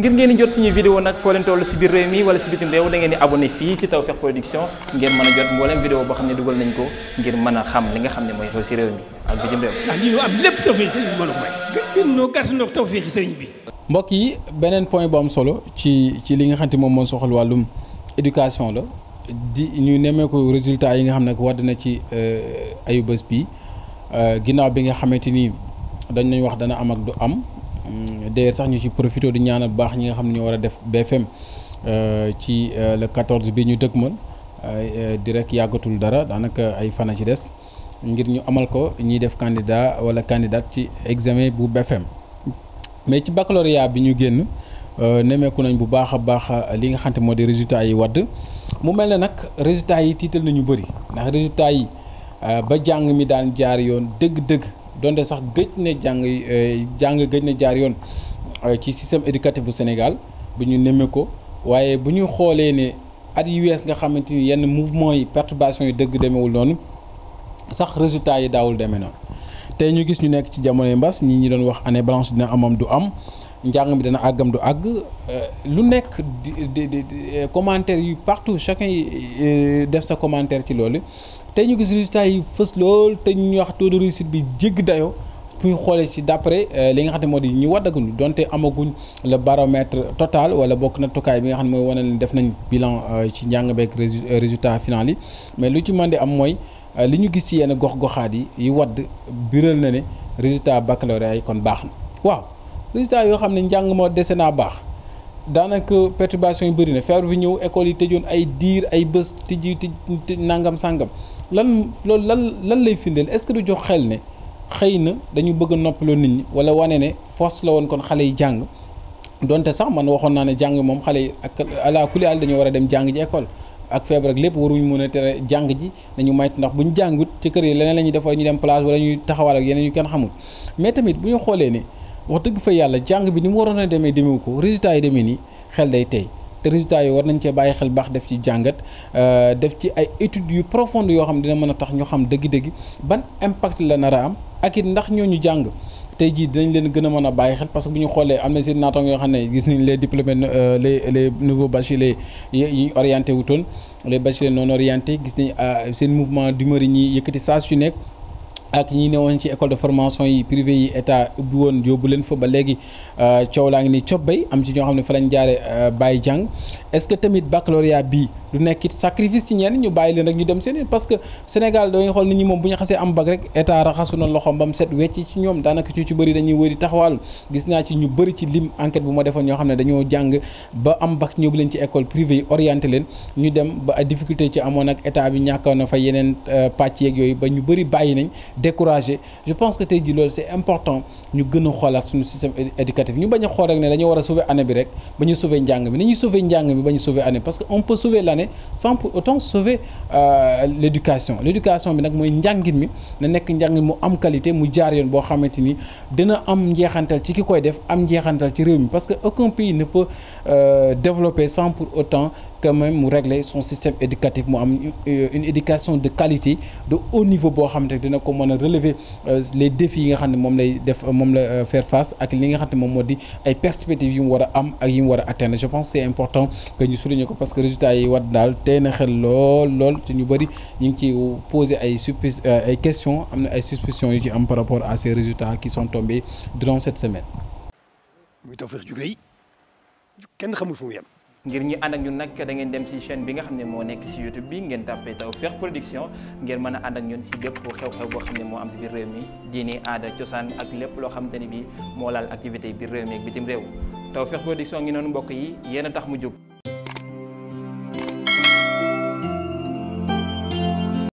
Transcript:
ngir ngeen di jot suñu vidéo nag foo leen toll si biir réew mi wala si bitim réew da ngeen di abonné fii si Tawfekh Production ngeen mën a jot mboolem vidéo boo xam ne dugal nañ ko ngir mën a xam li nga xam ne mooy xew si réew mi ak bitim réew. ndax lii ñu am lépp tawfeex sëriñ mbokk yi beneen point bu am solo ci ci li nga xam ne moom moo soxal wàllum éducation la di ñu nemmee ko résultat yi nga xam ne wadd na ci euh, ayu bés bi euh, ginnaaw bi nga xamante ni dañ nañ wax dana am ak du am Mm, de sax ñu ci profité di ñaanal baax ñi nga xam ne ñoo war a def BFM euh, ci euh, le 14 bi ñu dëgmal euh, di rek yàggatul dara daanaka ay fan a ci des ngir ñu amal ko ñiy def candidat wala candidat ci examen bu BFM mais ci baccalauréat bi ñu génn nemeeku nañ bu baax baax li nga xamte moo di résultat yi wadd mu mel ne nag résultat yi tiital nañu bëri ndax résultat yi ba jàng mi daan jaar yoon dëgg-dëgg donte sax gëj ne jàng yi euh, jàng gëj ne jaar yoon euh, ci système éducatif bu Sénégal bu ñu nemmee ko waaye bu ñu xoolee ne at yu wees nga xamante ni yenn mouvement yi perturbation yi dëgg demewul noonu sax résultat yi daawul demee noonu tey ñu gis ñu nekk ci jamonoy mbas ñi ñi doon wax année blanche dina amam du am njàng mi dana àggam du àgg euh, lu nekk di di euh, commentaire yi partout chacun yi euh, def sa commentaire ci loolu te ñu gis résultat yi fës lool te ñu wax taux de réussite bi jégg dayo ñu xoolee ci d'après li nga xam ne moo di ñu waddaguñu donte amaguñ le baromètre total wala bokk na tukaay bi nga xam ne mooy wane ne def nañ bilan ci njàng beeg résultat final yi mais lu ci mën di am mooy li ñu gis ci yenn gox goxaat yi yi wadd biral na ne résultat baccalauréat yi kon baax na waaw résultat yoo xam ne njàng moo dese naa baax daanaka perturbation yu bëri na feebar bi ñëw école yi tëjoon ay diir ay bés tëj tëj nangam sàngam lan loolu lan lan lay firndeel est-ce que du jox xel ne xëy na dañu bëgg a noppaloo nit ñi wala wane ne force la woon kon xale yi jàng donte sax man waxoon naa ne jàng moom xale yi ak alaa kulli àll dañoo war a dem jàng ji école. ak feebar ak lépp waruñu mën a tere jàng ji nañu maytu ndax bu jàngut ci kër yi leneen la ñuy def ñu dem place wala ñuy taxawal yeneen ñu kenn xamul mais tamit bu ñu xoolee ne wax dëgg fa yàlla jàng bi ni mu waroon a demee demewu ko résultat yi demee nii xel day tey te résultat yi war nañ cee bàyyi xel baax def ci jàngat euh, def ci ay études yu profonde yoo xam dina mën a tax ñu xam dëgg-dëgg ban impact la nar a am ak it ndax ñu jàng tey jii dinañ leen gën a mën a bàyyi xel parce que bu ñu xoolee am na seen naataango yoo xam ne gis nañ les diplômés euh, les les nouveaux bacheliers yi orienté wutoon les bacheliers non orienté gis nañ euh, seen mouvement d'humeur yi ñuy yëkkati saa su nekk. ak ñi ne woon ci école de formation yi privé yi état ubbi woon yóbbu leen fa ba léegi euh, coow laa ngi ni bay am ci ñoo xam ne fa lañ jaare euh, bàyyi jàng est-ce que tamit baccalauréat bi du nekk it sacrifice ci ñenn ñu bàyyi leen rek ñu dem seen yoon parce que Sénégal xam ne dañoo jàng ba am bac ñëw leen leen ñu dem euh, a xoolaat suñu système éducatif ñu bañ a xool rek ne dañoo war a sauver année bi rek ba ñu sauver njàng mi ni ñuy sauver njàng mi ba ñu sauver année parce que on peut sauver l'année ne sans pour autant sauver euh, l' éducation bi nag mooy njàngin mi na nekk njàngin mu am qualité mu jaar yoon boo xamante ni dina am njeexantal ci ki koy def am njeexantal ci réew mi parce que aucun pays ne peut euh, développer sans pour autant quand mu régler son système éducatif mu am euh, une éducation de qualité de haut niveau boo xam ne dina ko mën a relever les défis yi nga xam ne moom lay def moom la faire face ak li nga xam ne moom moo di ay perspectives yi war am ak yi mu war a je pense c'est important daal tey na xel lool lool te ñu bëri ñu ngi ciy poser ay suppi euh, ay questions am na ay suspicions yu ci am par rapport à ces résultats qui sont tombés durant cette semaine. muy Tawfekh ju rëy kenn xamul fu mu yem. ngir ñi ànd ak ñun nag da ngeen dem ci chaine bi nga xam ne moo nekk ci YouTube bi ngeen tàppee Tawfekh Production ngeen mën a ànd ak ñun ci bépp xew-xew boo xam ne moo am ci biir réew mi diini aada cosaan ak lépp loo xamante ni bi moo laal activité biir réew mi ak bitim réew yi yéen a tax mu